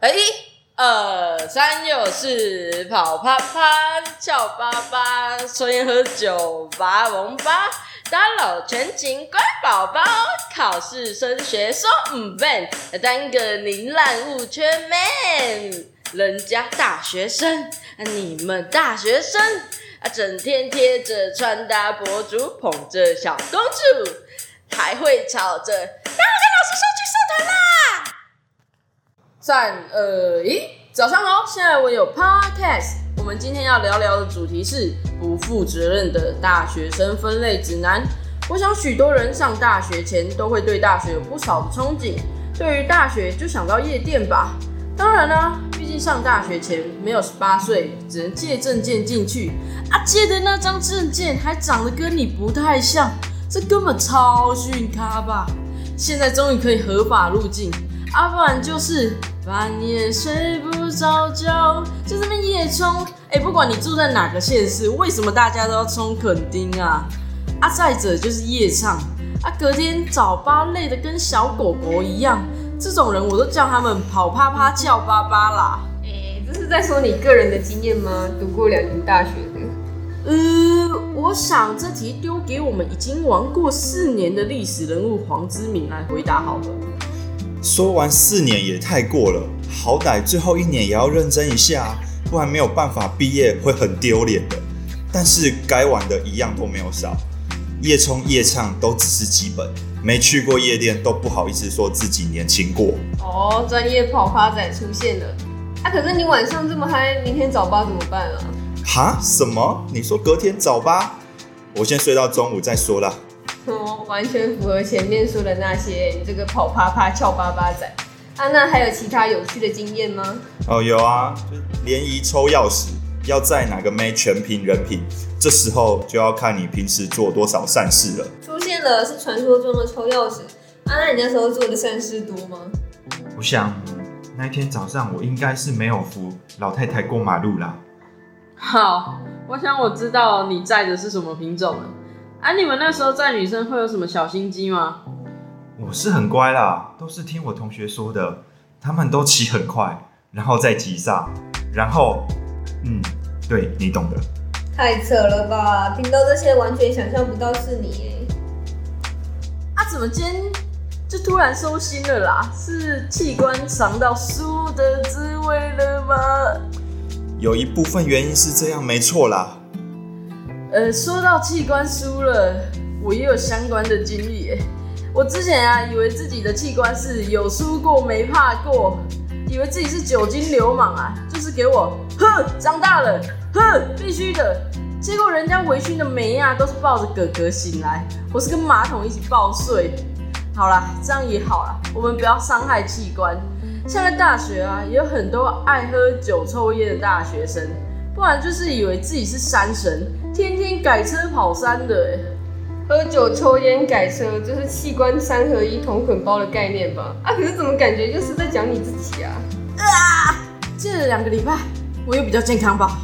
啊！一、二、三、又是，跑趴趴，翹巴巴，抽煙喝酒拔龍八，打巴老巴全勤乖寶寶，考試升學說唔 man，耽擱你爛務缺 man。人家大學生，你們大學生，啊，整天貼着穿搭博主，捧着小公主，還會吵着。三二一，早上好！現在我有 podcast，我們今天要聊聊的主題是不負責任的大學生分類指南。我想許多人上大學前都會對大學有不少的憧憬，對於大學就想到夜店吧？當然啦、啊，畢竟上大學前沒有十八歲，只能借證件進去啊，借的那張證件還長得跟你不太像，這根本超遜咖吧！現在終於可以合法入境。阿、啊、不然就是半夜睡不着覺，就這麼夜衝。哎、欸，不管你住在哪個縣市，為什麼大家都要衝墾丁啊？啊，再者就是夜唱，啊，隔天早八累得跟小狗狗一樣。這種人我都叫他們跑啪啪叫巴巴啦。哎、欸，這是在說你個人的經驗嗎？讀過兩年大學的。嗯、呃、我想這題丟給我們已經玩過四年的歷史人物黃資銘來回答好了。說完四年也太過了，好歹最後一年也要認真一下，不然沒有辦法畢業會很丟臉的。但是該玩的一樣都沒有少，夜衝夜唱都只是基本，沒去過夜店都不好意思說自己年輕過。哦，專業跑趴仔出現了，啊，可是你晚上這麼嗨，明天早八怎麼辦啊？哈？什麼？你說隔天早八？我先睡到中午再說啦。哦、完全符合前面說的那些，你這個跑趴趴翹巴巴仔啊！那還有其他有趣的經驗嗎？哦，有啊，聯誼抽鑰匙要載哪個妹全憑人品，這時候就要看你平時做多少善事了。出現了，是傳說中的抽鑰匙。安、啊、那，你那時候做的善事多嗎？我想那天早上我應該是沒有扶老太太過馬路啦。好，我想我知道你載的是什麼品種了，啊。哎、啊，你們那時候載女生會有什麼小心機嗎？我是很乖啦，都是聽我同學說的，他們都騎很快，然後再急剎，然後，嗯，對你懂的。太扯了吧！聽到這些完全想象不到是你耶。啊？怎麼今天就突然收心了啦？是器官嘗到輸的滋味了嗎？有一部分原因是這樣，沒錯啦。呃，說到器官輸了，我也有相關的經歷。我之前啊，以為自己的器官是有輸過，沒怕過，以為自己是酒精流氓啊，就是給我，哼，長大了，哼，必須的。結果人家微醺的妹啊，都是抱着哥哥醒來，我是跟馬桶一起抱睡。好啦，這樣也好啦，我們不要傷害器官。現在大學啊，也有很多愛喝酒抽煙的大學生，不然就是以為自己是山神。天天改車跑山的，喝酒抽菸改車，就是器官三合一同捆包的概念吧？啊，可是怎麼感覺就是在講你自己啊？啊！這兩個禮拜我又比較健康吧？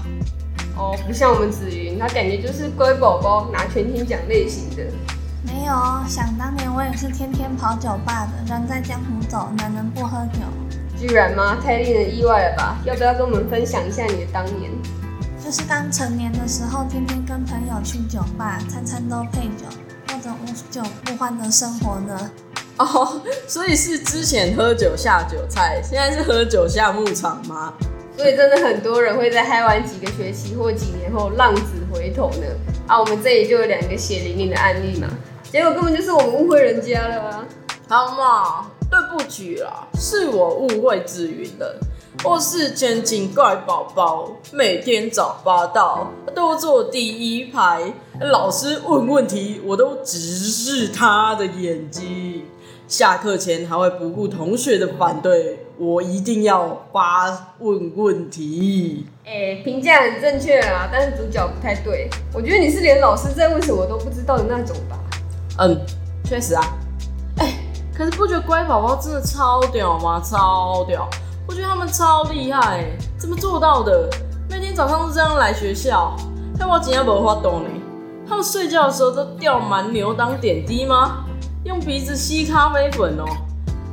哦，不像我們子筠，他感覺就是乖寶寶拿全勤獎類型的。沒有，想當年我也是天天跑酒吧的，人在江湖走，哪能不喝酒？居然嗎？太令人意外了吧？要不要跟我們分享一下你的當年？就是當成年的時候，天天跟朋友去酒吧，餐餐都配酒，過着無酒不歡的生活呢。哦，所以是之前喝酒下酒菜，現在是喝酒下牧場嗎？所以真的很多人會在嗨完幾個學期或幾年後浪子回頭呢。啊，我們這裡就有兩個血淋淋的案例嘛。結果根本就是我們誤會人家了啊！好嘛，對不起啦，是我誤會子筠了。我是千金乖寶寶，每天早八到都坐第一排。老師問問題，我都直視他的眼睛。下課前還會不顧同學的反對，我一定要發問問題。哎、欸，評價很正確啊，但是主角不太對。我覺得你是連老師在問什麼都不知道的那種吧？嗯，確實啊。哎、欸，可是不覺得乖寶寶真的超屌嗎？超屌！我覺得他們超厲害、欸，怎麼做到的？每天早上都這樣來學校，害我今天不發懂呢。他們睡覺的時候都掉蠻牛當點滴嗎？用鼻子吸咖啡粉哦、喔。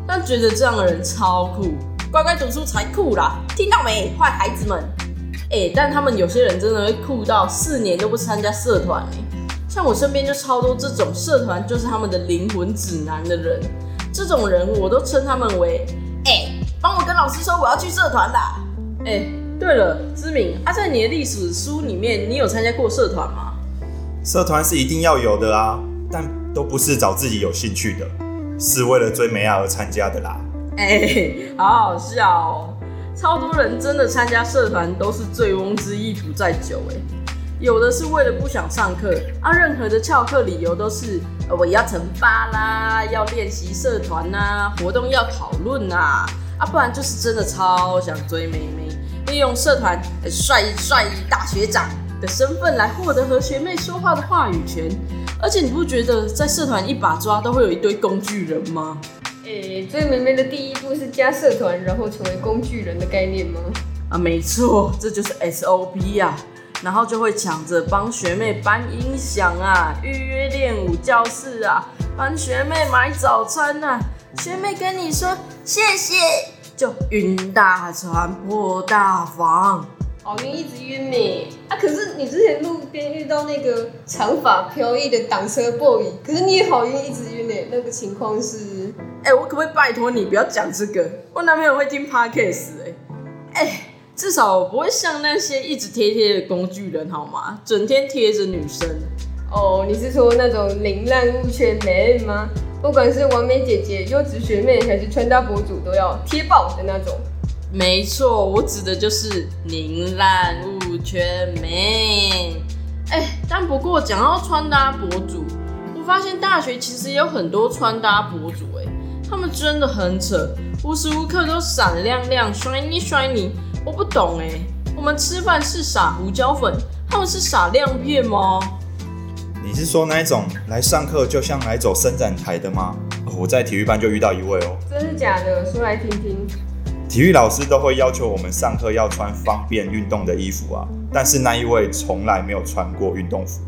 但覺得這樣的人超酷，乖乖讀書才酷啦，聽到沒？壞孩子們！哎、欸，但他們有些人真的會酷到四年都不參加社團呢、欸。像我身邊就超多這種，社團就是他們的靈魂指南的人。這種人我都稱他們為。幫我跟老師說，我要去社團啦！哎、欸，對了，資銘，阿、啊、在你的歷史書裡面，你有參加過社團嗎？社團是一定要有的啦、啊，但都不是找自己有興趣的，是為了追美亞而參加的啦。哎、欸，好好笑哦！超多人真的參加社團都是醉翁之意不在酒，哎、欸，有的是為了不想上課，啊任何的翹課理由都是，我要成發啦，要練習社團啦，活動要討論啊。啊，不然就是真的超想追妹妹。利用社團帥一帥一大學長的身份來獲得和學妹說話的話語權。而且你不覺得在社團一把抓都會有一堆工具人嗎？誒、欸，追妹妹的第一步是加社團，然後成為工具人的概念嗎？啊，沒錯，這就是 SOP 啊。然後就會搶着幫學妹搬音響啊，預約練舞教室啊，幫學妹買早餐啊。學妹跟你說謝謝，就暈大船破大房，好暈，一直暈你、欸。啊，可是你之前路邊遇到那個長髮飄逸的擋車 boy，可是你也好暈，一直暈你、欸。那個情況是，哎、欸，我可不可以拜托你不要講這個？我男朋友會聽 podcast 哎、欸，哎、欸，至少我不會像那些一直貼貼的工具人好嗎？整天貼着女生。哦，你是說那種凌亂物圈沒人嗎？不管是完美姐姐、優質學妹還是穿搭博主，都要貼爆的那種。沒錯，我指的就是寧濫勿缺美。哎、欸，但不過講到穿搭博主，我發現大學其實也有很多穿搭博主、欸，哎，他們真的很扯，無時無刻都閃亮亮，shiny shiny，我不懂哎、欸，我們吃飯是撒胡椒粉，他們是撒亮片嗎？你是說那一種來上課就像來走伸展台的嗎？哦，我在體育班就遇到一位哦，真的假的？說來聽聽。體育老師都會要求我們上課要穿方便運動的衣服啊，但是那一位從來沒有穿過運動服，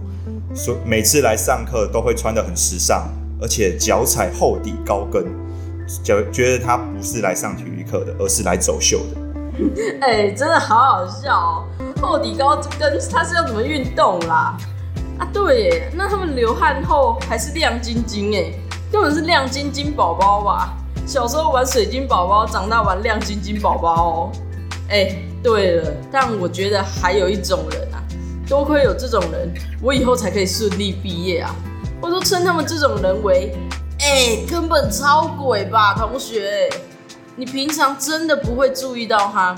所以每次來上課都會穿得很時尚，而且腳踩厚底高跟，就覺得他不是來上體育課的，而是來走秀的。哎、欸，真的好好笑哦！厚底高跟，他是要怎麼運動啦？啊對耶，那他們流汗後還是亮晶晶哎，根本是亮晶晶寶寶吧？小時候玩水晶寶寶，長大玩亮晶晶寶寶哦。哎、欸，對了，但我覺得還有一種人啊，多虧有這種人，我以後才可以順利畢業啊。我都稱他們這種人為，哎、欸，根本超鬼吧，同學？你平常真的不會注意到他，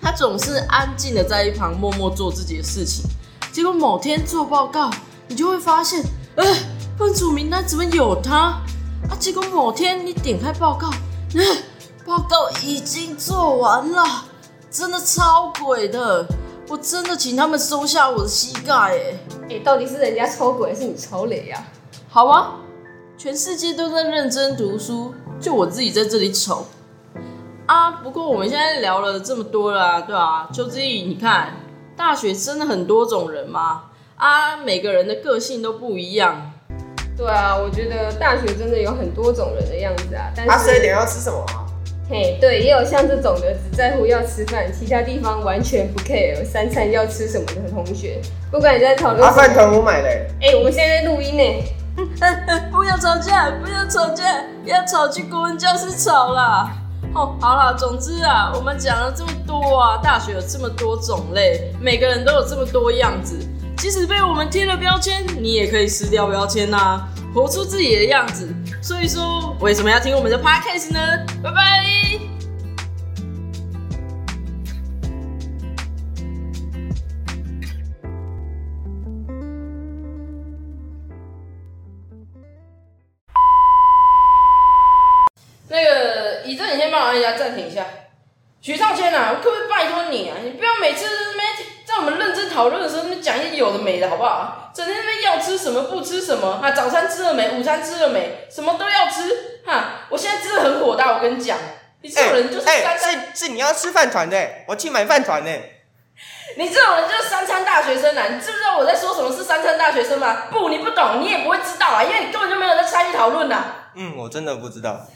他總是安靜的在一旁默默做自己的事情。結果某天做報告，你就會發現，呃，分組名單怎麼有他？啊，結果某天你點開報告，呃，報告已經做完了，真的超鬼的，我真的請他們收下我的膝蓋耶，哎、欸，到底是人家抽鬼，還是你抽雷呀、啊？好啊，全世界都在認真讀書，就我自己在這裡抽。啊，不過我們現在聊了這麼多了、啊，對吧、啊？邱芝羿，你看。大學真的很多種人嗎？啊，每個人的個性都不一樣。對啊，我覺得大學真的有很多種人的樣子啊。但是，啊、等一下要吃什麼嗎？嘿，對，也有像這種的，只在乎要吃飯，其他地方完全不 care，三餐要吃什麼的同學。不管你在討論。阿飯團，我買的。哎，我們現在在錄音呢。 不要吵架，不要吵架，不要吵去國文教室吵了。哦，好啦，總之啊，我們講了這麼多啊，大學有這麼多種類，每個人都有這麼多樣子，即使被我們貼了標籤，你也可以撕掉標籤啊，活出自己的樣子。所以說，為什麼要聽我們的 podcast 呢？拜拜。你這，你先幫我按一下暫停一下。許少騫吶、啊，我可不可以拜託你啊？你不要每次在，在我們認真討論的時候，那講一些有的沒的，好不好？整天那要吃什麼，不吃什麼、啊，早餐吃了沒，午餐吃了沒，什麼都要吃，哈、啊。我現在真的很火大，我跟你講，你這種人就是三餐……三、欸、是、欸、是，是你要吃飯團的，我去買飯糰呢。你這種人就是三餐大學生啊！你知不知道我在說什麼是三餐大學生嗎？不，你不懂，你也不會知道啊，因為你根本就沒有在參與討論吶。嗯，我真的不知道。